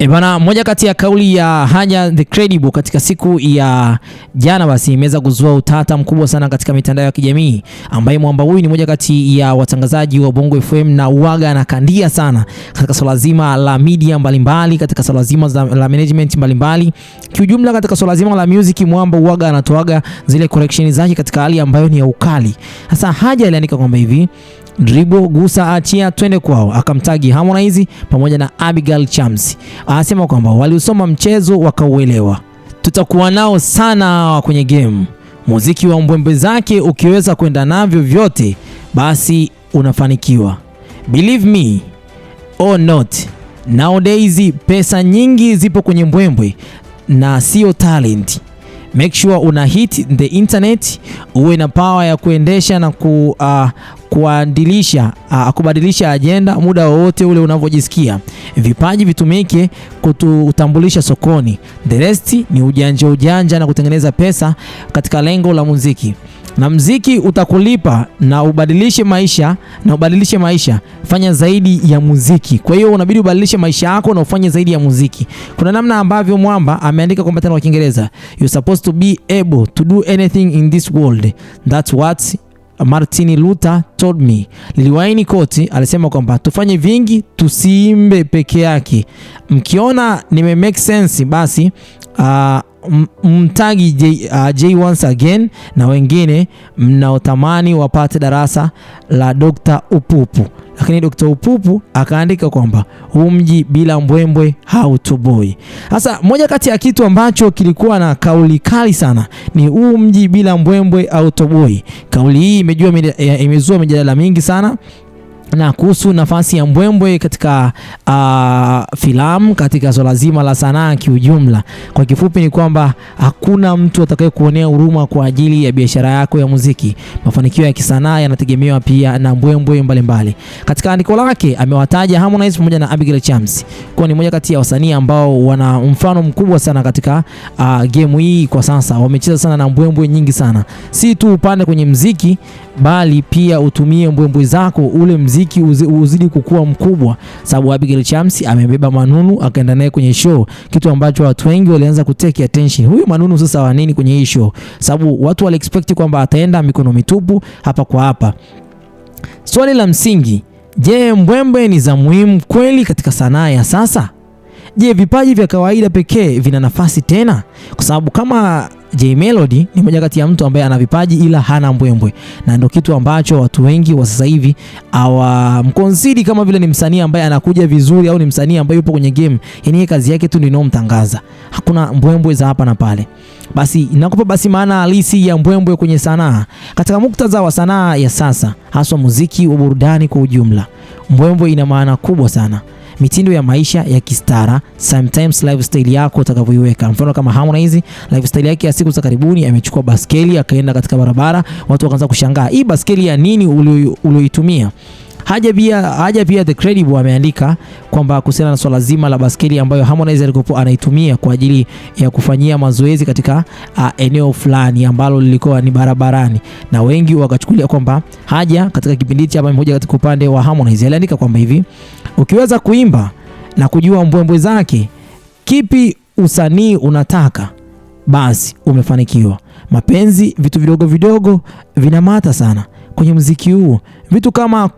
E eh, bana, moja kati ya kauli ya Haja the Credible katika siku ya jana basi imeweza kuzua utata mkubwa sana katika mitandao ya kijamii, ambaye mwamba huyu ni moja kati ya watangazaji wa Bongo FM na uaga anakandia sana katika swala zima la media mbalimbali, katika swala zima la management mbalimbali kiujumla, katika swala zima la music, mwamba uaga anatoaga zile correction zake katika hali ambayo ni ya ukali. Sasa Haja aliandika kwamba hivi Dribo gusa, achia, twende kwao. Akamtagi Harmonize pamoja na Abigail Chams, anasema kwamba waliusoma mchezo wakauelewa, tutakuwa nao sana kwenye game. Muziki wa mbwembe zake ukiweza kwenda navyo vyote, basi unafanikiwa. Believe me or not, nowadays pesa nyingi zipo kwenye mbwembwe na sio talent make sure una hit the internet, uwe na power ya kuendesha na ku, uh, kuandilisha uh, kubadilisha ajenda muda wowote ule unavyojisikia. Vipaji vitumike kututambulisha sokoni. The rest ni ujanja ujanja na kutengeneza pesa katika lengo la muziki na mziki utakulipa na ubadilishe maisha na ubadilishe maisha. Fanya zaidi ya muziki. Kwa hiyo unabidi ubadilishe maisha yako na ufanye zaidi ya muziki. Kuna namna ambavyo mwamba ameandika kwa mtano wa Kiingereza, you supposed to be able to do anything in this world, that's what Martin Luther told me. Liliwaini koti alisema kwamba tufanye vingi, tusiimbe peke yake. Mkiona nime make sense basi, uh, mtagi J, uh, J once again na wengine mnaotamani wapate darasa la Dr. Upupu. Lakini Dr. Upupu akaandika kwamba huu mji bila mbwembwe hautoboi. Sasa moja kati ya kitu ambacho kilikuwa na kauli kali sana ni huu mji bila mbwembwe hautoboi. Kauli hii imejua imezua mijadala mingi sana na kuhusu nafasi ya mbwembwe katika uh, filamu katika swala zima la sanaa kiujumla. Kwa kifupi ni kwamba hakuna mtu atakaye kuonea huruma kwa ajili ya biashara yako ya muziki. Mafanikio ya kisanaa yanategemewa pia na mbwembwe mbalimbali. Katika andiko lake amewataja Harmonize pamoja na Abigail Chams kuwa ni moja kati ya wasanii ambao wana mfano mkubwa sana katika uh, game hii kwa sasa. Wamecheza sana na mbwembwe nyingi sana, si tu upande kwenye mziki bali pia utumie mbwembwe zako, ule mziki uzidi kukua mkubwa, sababu Abigail Chams amebeba Manunu akaenda naye kwenye show, kitu ambacho watu wengi walianza kuteki attention. Huyu Manunu sasa wa nini kwenye hii show? Sababu watu wali expect kwamba ataenda mikono mitupu hapa kwa hapa. Swali la msingi, je, mbwembwe ni za muhimu kweli katika sanaa ya sasa? Je, vipaji vya kawaida pekee vina nafasi tena? Kwa sababu kama Jay Melody ni moja kati ya mtu ambaye ana vipaji ila hana mbwembwe, na ndio kitu ambacho watu wengi wa sasa hivi hawamkonsidi kama vile ni msanii ambaye anakuja vizuri au ni msanii ambaye yupo kwenye game, yani kazi yake tu ndio inomtangaza, hakuna mbwembwe za hapa na pale. Basi inakupa basi maana halisi ya mbwembwe kwenye sanaa. Katika muktadha wa sanaa ya sasa, haswa muziki wa burudani kwa ujumla, mbwembwe ina maana kubwa sana mitindo ya maisha ya kistara, sometimes lifestyle yako utakavyoiweka. Mfano kama Harmonize lifestyle yake ya siku za karibuni amechukua baskeli akaenda katika barabara, watu wakaanza kushangaa hii baskeli ya nini ulioitumia? Haja pia haja pia the credible ameandika kwamba kuhusiana na swala zima la baskeli ambayo Harmonize alikuwa anaitumia kwa ajili ya kufanyia mazoezi katika uh, eneo fulani ambalo lilikuwa ni barabarani, na wengi wakachukulia kwamba Haja katika kipindi hichi hapa mmoja katika upande wa Harmonize aliandika kwamba hivi Ukiweza kuimba na kujua mbwembwe zake, kipi usanii unataka, basi umefanikiwa. Mapenzi, vitu vidogo vidogo vinamata sana kwenye muziki huo, vitu kama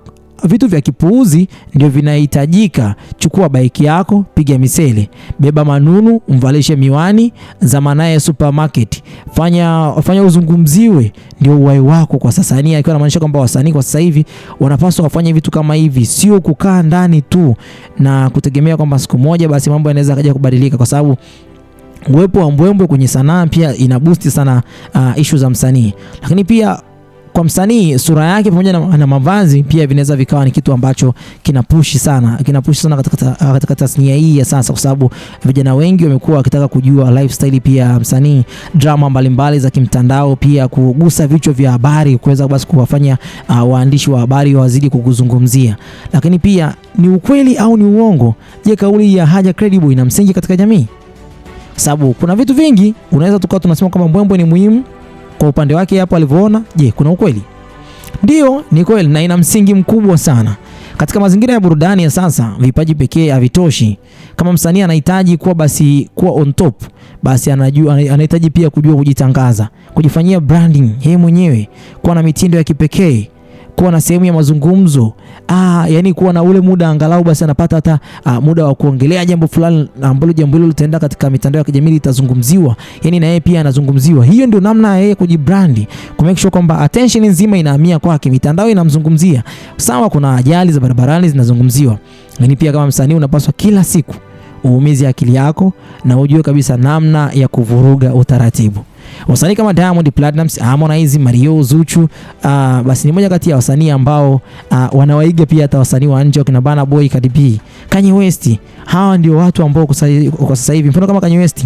vitu vya kipuuzi ndio vinahitajika. Chukua baiki yako, piga misele, beba manunu, mvalishe miwani, zama naye supermarket. Fanya, fanya uzungumziwe, ndio uwai wako kwa sasa. Ni yaani akiwa anamaanisha kwamba wasanii kwa sasa hivi wanapaswa wafanye vitu kama hivi, sio kukaa ndani tu na kutegemea kwamba siku moja basi mambo yanaweza kaja kubadilika, kwa sababu uwepo wa mbwembwe kwenye sanaa pia ina boost sana uh, ishu za msanii, lakini pia kwa msanii sura yake pamoja na, na mavazi pia vinaweza vikawa ni kitu ambacho kinapushi sana kinapushi sana katika, katika tasnia hii ya sasa, kwa sababu vijana wengi wamekuwa wakitaka kujua lifestyle pia ya msanii, drama mbalimbali za kimtandao, pia kugusa vichwa vya habari, kuweza basi kuwafanya uh, waandishi wa habari wazidi kukuzungumzia. Lakini pia ni ukweli au ni uongo? Je, kauli ya Haja Credible ina msingi katika jamii? Sababu kuna vitu vingi unaweza tukawa tunasema kama mbwembwe ni muhimu kwa upande wake hapo alivyoona. Je, kuna ukweli? Ndiyo, ni kweli na ina msingi mkubwa sana. Katika mazingira ya burudani ya sasa, vipaji pekee havitoshi. Kama msanii anahitaji kuwa basi kuwa on top, basi anajua anahitaji pia kujua kujitangaza, kujifanyia branding yeye mwenyewe, kuwa na mitindo ya kipekee kuwa na sehemu ya mazungumzo ah, yani kuwa na ule muda angalau basi anapata hata ah, muda wa kuongelea jambo fulani ambalo jambo hilo litaenda katika mitandao ya kijamii litazungumziwa, yani na yeye pia anazungumziwa. Hiyo ndio namna yeye kujibrandi, ku make sure kwamba attention nzima inahamia kwake, mitandao inamzungumzia. Sawa, kuna ajali za barabarani zinazungumziwa, lakini pia kama msanii unapaswa kila siku uumize akili yako na ujue kabisa namna ya kuvuruga utaratibu. Wasanii kama Diamond Platnumz, Harmonize, Mario, Zuchu, uh, basi ni moja kati ya wasanii ambao uh, wanawaiga pia hata wasanii wa nje kina Burna Boy, Cardi B, Kanye West. Hawa ndio watu ambao kwa sasa hivi mfano kama Kanye West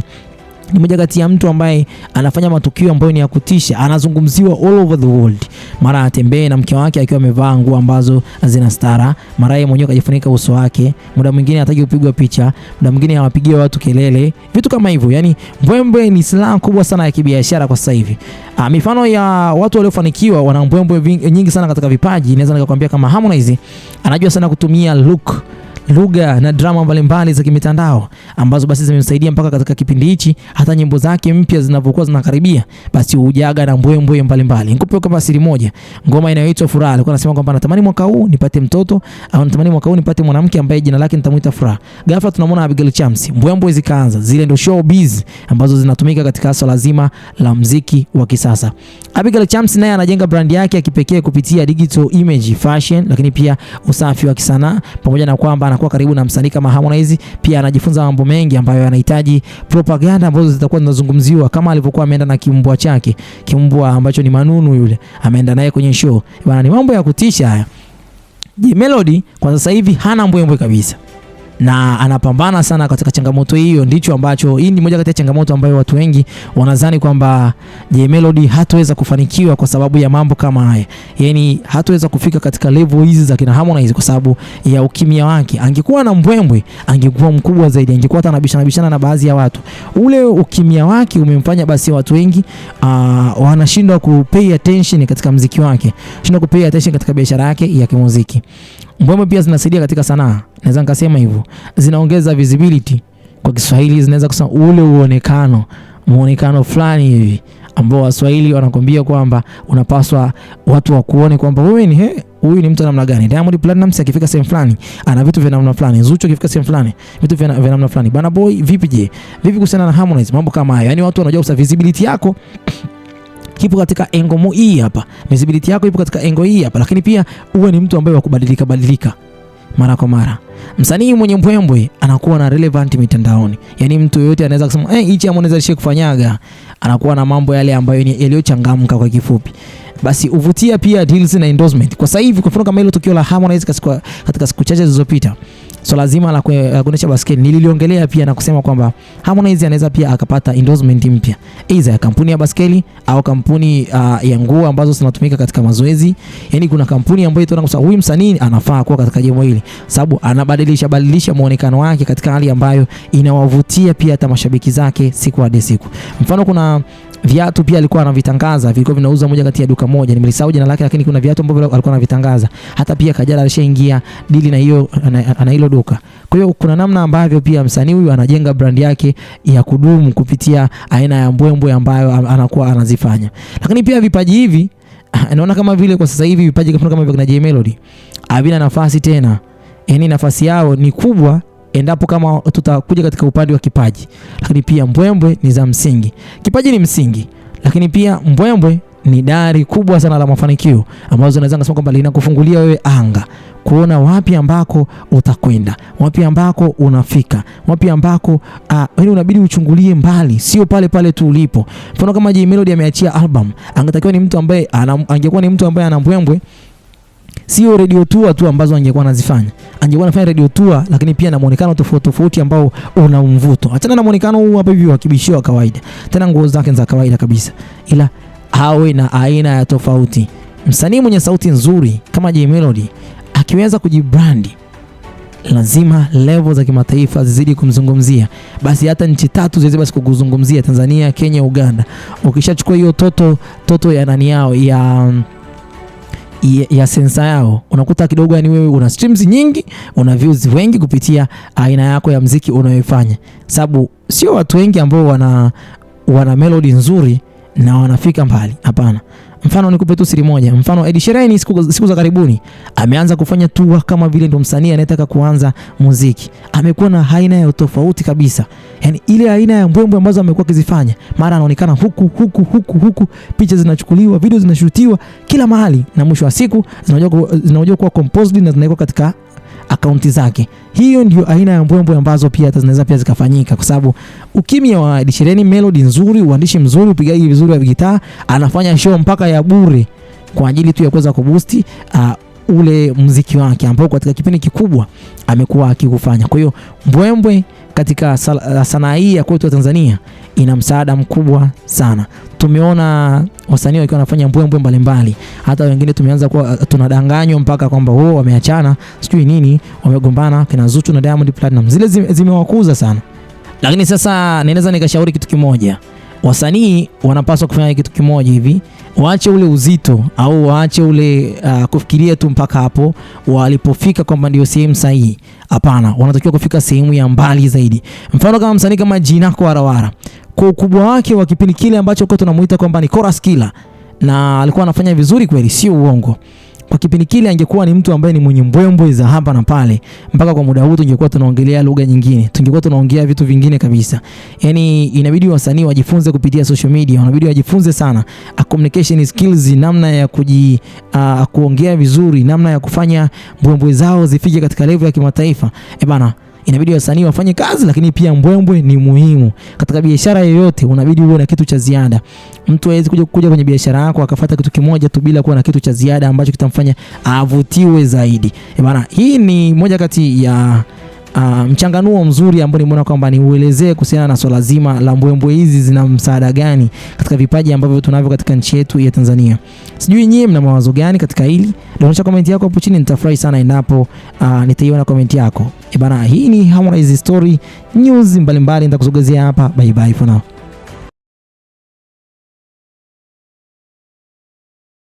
ni moja kati ya mtu ambaye anafanya matukio ambayo ni ya kutisha, anazungumziwa all over the world. Mara atembee na mke wake akiwa amevaa nguo ambazo zina stara, mara yeye mwenyewe kajifunika uso wake, muda mwingine hataki kupigwa picha, muda mwingine anawapigia watu kelele, vitu kama hivyo. Yani mbwembwe ni silaha kubwa sana ya kibiashara kwa sasa hivi. Ah, mifano ya watu waliofanikiwa wana mbwembwe nyingi sana katika vipaji, naweza nikakwambia kama Harmonize anajua sana kutumia look lugha na drama mbalimbali za kimitandao ambazo basi zimemsaidia mpaka katika kipindi hichi, hata nyimbo zake mpya zinapokuwa zinakaribia, basi hujaga na mbwembwe mbalimbali. Nikupe kama siri moja, ngoma inayoitwa Furaha, alikuwa anasema kwamba natamani mwaka huu nipate mtoto au natamani mwaka huu nipate mwanamke ambaye jina lake nitamuita Furaha. Ghafla tunamwona Abigail Chams, mbwembwe zikaanza. Zile ndio showbiz ambazo zinatumika katika swala zima la mziki wa kisasa. Abigail Chams naye anajenga brand yake ya kipekee kupitia digital image, fashion, lakini pia usafi wa kisanaa pamoja na kwamba anakuwa karibu na msanii kama Harmonize, pia anajifunza mambo mengi ambayo anahitaji propaganda ambazo zitakuwa zinazungumziwa, kama alivyokuwa ameenda na kimbwa chake, kimbwa ambacho ni Manunu yule, ameenda naye kwenye show bwana. Ni mambo ya kutisha haya. Melody kwa sasa hivi hana mbwembwe kabisa na anapambana sana katika changamoto hiyo. Ndicho ambacho hii ni moja kati ya changamoto ambayo watu wengi wanadhani kwamba J Melody hataweza kufanikiwa kwa sababu ya mambo kama haya, yani hataweza kufika katika level hizi za kina Harmonize kwa sababu ya ukimya wake. Angekuwa na mbwembwe, angekuwa mkubwa zaidi, angekuwa hata anabishana bishana na baadhi ya watu. Ule ukimya wake umemfanya basi watu wengi uh, wanashindwa kupay attention katika muziki wake, shindwa kupay attention katika biashara yake ya kimuziki mbwembwe pia zinasaidia katika sanaa, naweza nikasema hivyo, zinaongeza visibility kwa Kiswahili, zinaweza kusema ule uonekano, muonekano fulani hivi ambao Waswahili wanakwambia kwamba unapaswa watu wakuone kwamba wewe ni huyu ni mtu namna gani. Diamond Platnumz akifika sehemu fulani ana vitu vya namna fulani, Zuchu akifika sehemu fulani vitu vya namna fulani. Bana Boy vipi je? Vipi kuhusiana na Harmonize? Mambo kama hayo, yaani watu wanajua visibility yako kipo katika engo hii hapa, visibility yako ipo katika engo hii hapa, lakini pia uwe ni mtu ambaye kubadilika badilika mara kwa mara. Msanii mwenye mbwembwe anakuwa na relevant mitandaoni, yaani mtu yoyote anaweza kusema eh, hichi Harmonize shike kufanyaga. Anakuwa na mambo yale ambayo ni yaliyochangamka kwa kifupi, basi uvutia pia deals na endorsement. Kwa sasa hivi, kwa mfano kama hilo tukio la Harmonize katika siku chache zilizopita swala so zima la kuendesha baskeli nililiongelea pia na kusema kwamba Harmonize anaweza pia akapata endorsement mpya aidha ya kampuni ya baskeli au kampuni uh, ya nguo ambazo zinatumika katika mazoezi. Yani kuna kampuni ambayo itaona kwamba huyu msanii anafaa kuwa katika jambo hili, sababu anabadilisha badilisha muonekano wake katika hali ambayo inawavutia pia hata mashabiki zake siku hadi siku. Mfano kuna viatu pia alikuwa anavitangaza, vilikuwa vinauza moja kati ya duka moja, nimelisahau jina lake, lakini kuna viatu ambavyo alikuwa anavitangaza. Hata pia Kajala alishaingia dili na hiyo ana hilo duka. Kwa hiyo kuna namna ambavyo pia msanii huyu anajenga brand yake ya kudumu kupitia aina ya mbwembwe ambayo anakuwa anazifanya, lakini pia vipaji hivi naona kama vile kwa sasa hivi vipaji kama vile kina J Melody havina nafasi tena, yani nafasi yao ni kubwa endapo kama tutakuja katika upande wa kipaji, lakini pia mbwembwe ni za msingi. Kipaji ni msingi, lakini pia mbwembwe ni dari kubwa sana la mafanikio ambazo naweza kusema kwamba linakufungulia wewe anga, kuona wapi ambako utakwenda, wapi ambako unafika, wapi ambako uh, unabidi uchungulie mbali, sio pale pale tu ulipo. Mfano kama Jay Melody ameachia album, angetakiwa ni mtu ambaye angekuwa ni mtu ambaye ana mbwembwe sio radio tour tu ambazo angekuwa anazifanya. Angekuwa anafanya radio tour, lakini pia na muonekano tofauti tofauti ambao una mvuto. Achana na muonekano huu hapa hivi wa kibishio wa kawaida, tena nguo zake za kawaida kabisa, ila awe na aina ya tofauti. Msanii mwenye sauti nzuri kama Jay Melody akiweza kujibrandi lazima level za kimataifa zizidi kumzungumzia, basi hata nchi tatu ziweze basi kukuzungumzia: Tanzania, Kenya, Uganda. Ukishachukua hiyo toto toto ya nani yao ya ya sensa yao, unakuta kidogo, yani wewe una streams nyingi, una views wengi kupitia aina yako ya mziki unayoifanya, sababu sio watu wengi ambao wana wana melody nzuri na wanafika mbali. Hapana, Mfano nikupe tu siri moja. Mfano Ed Sheeran siku, siku za karibuni ameanza kufanya tour kama vile ndo msanii anayetaka kuanza muziki. Amekuwa na aina ya tofauti kabisa. Yaani ile aina ya mbwembwe ambazo amekuwa akizifanya, mara anaonekana huku huku huku huku, picha zinachukuliwa, video zinashutiwa kila mahali na mwisho wa siku zinajua kuwa composed na zinawekwa katika akaunti zake. Hiyo ndio aina ya mbwembwe ambazo pia zinaweza pia zikafanyika, kwa sababu ukimya wa Dishireni, melody nzuri, uandishi mzuri, upigaji vizuri wa gitaa, anafanya show mpaka ya bure kwa ajili tu ya kuweza kuboost uh, ule mziki wake ambao katika kipindi kikubwa amekuwa akikufanya. Kwa hiyo mbwembwe katika eh, sanaa hii ya kwetu ya Tanzania ina msaada mkubwa sana. Tumeona wasanii wakiwa wanafanya mbwembwe mbalimbali, hata wengine tumeanza kuwa eh, tunadanganywa mpaka kwamba wao oh, wameachana, sijui nini, wamegombana kina Zuchu na Diamond Platinum, zile zimewakuza sana. Lakini sasa naweza nikashauri kitu kimoja, wasanii wanapaswa kufanya kitu kimoja hivi waache ule uzito au waache ule uh, kufikiria tu mpaka hapo walipofika kwamba ndio sehemu sahihi. Hapana, wanatakiwa kufika sehemu ya mbali zaidi. Mfano kama msanii kama Jinako Warawara, kwa ukubwa wake wa kipindi kile ambacho kwa tunamuita kwamba ni chorus killer, na alikuwa anafanya vizuri kweli, sio uongo kwa kipindi kile angekuwa ni mtu ambaye ni mwenye mbwembwe za hapa na pale, mpaka kwa muda huu tungekuwa tunaongelea lugha nyingine, tungekuwa tunaongea vitu vingine kabisa. Yani inabidi wasanii wajifunze kupitia social media, inabidi wajifunze sana a communication skills, namna ya kuji kuongea vizuri, namna ya kufanya mbwembwe zao zifike katika level ya kimataifa. E bana inabidi wasanii wafanye kazi, lakini pia mbwembwe ni muhimu katika biashara yoyote. Unabidi uwe na kitu cha ziada. Mtu hawezi kuja kuja kwenye biashara yako akafuata kitu kimoja tu bila kuwa na kitu cha ziada ambacho kitamfanya avutiwe zaidi. E bana, hii ni moja kati ya Ah, mchanganuo mzuri ambao nimeona kwamba niuelezee kuhusiana na swala zima la mbwembwe hizi zina msaada gani katika vipaji ambavyo tunavyo katika nchi yetu ya Tanzania. Sijui nyie mna mawazo gani katika hili? Dondosha komenti yako hapo chini, nitafurahi sana endapo uh, nitaiona komenti yako. E bana, hii ni Harmonize Story News mbalimbali, nitakusogezea hapa. Bye bye for now.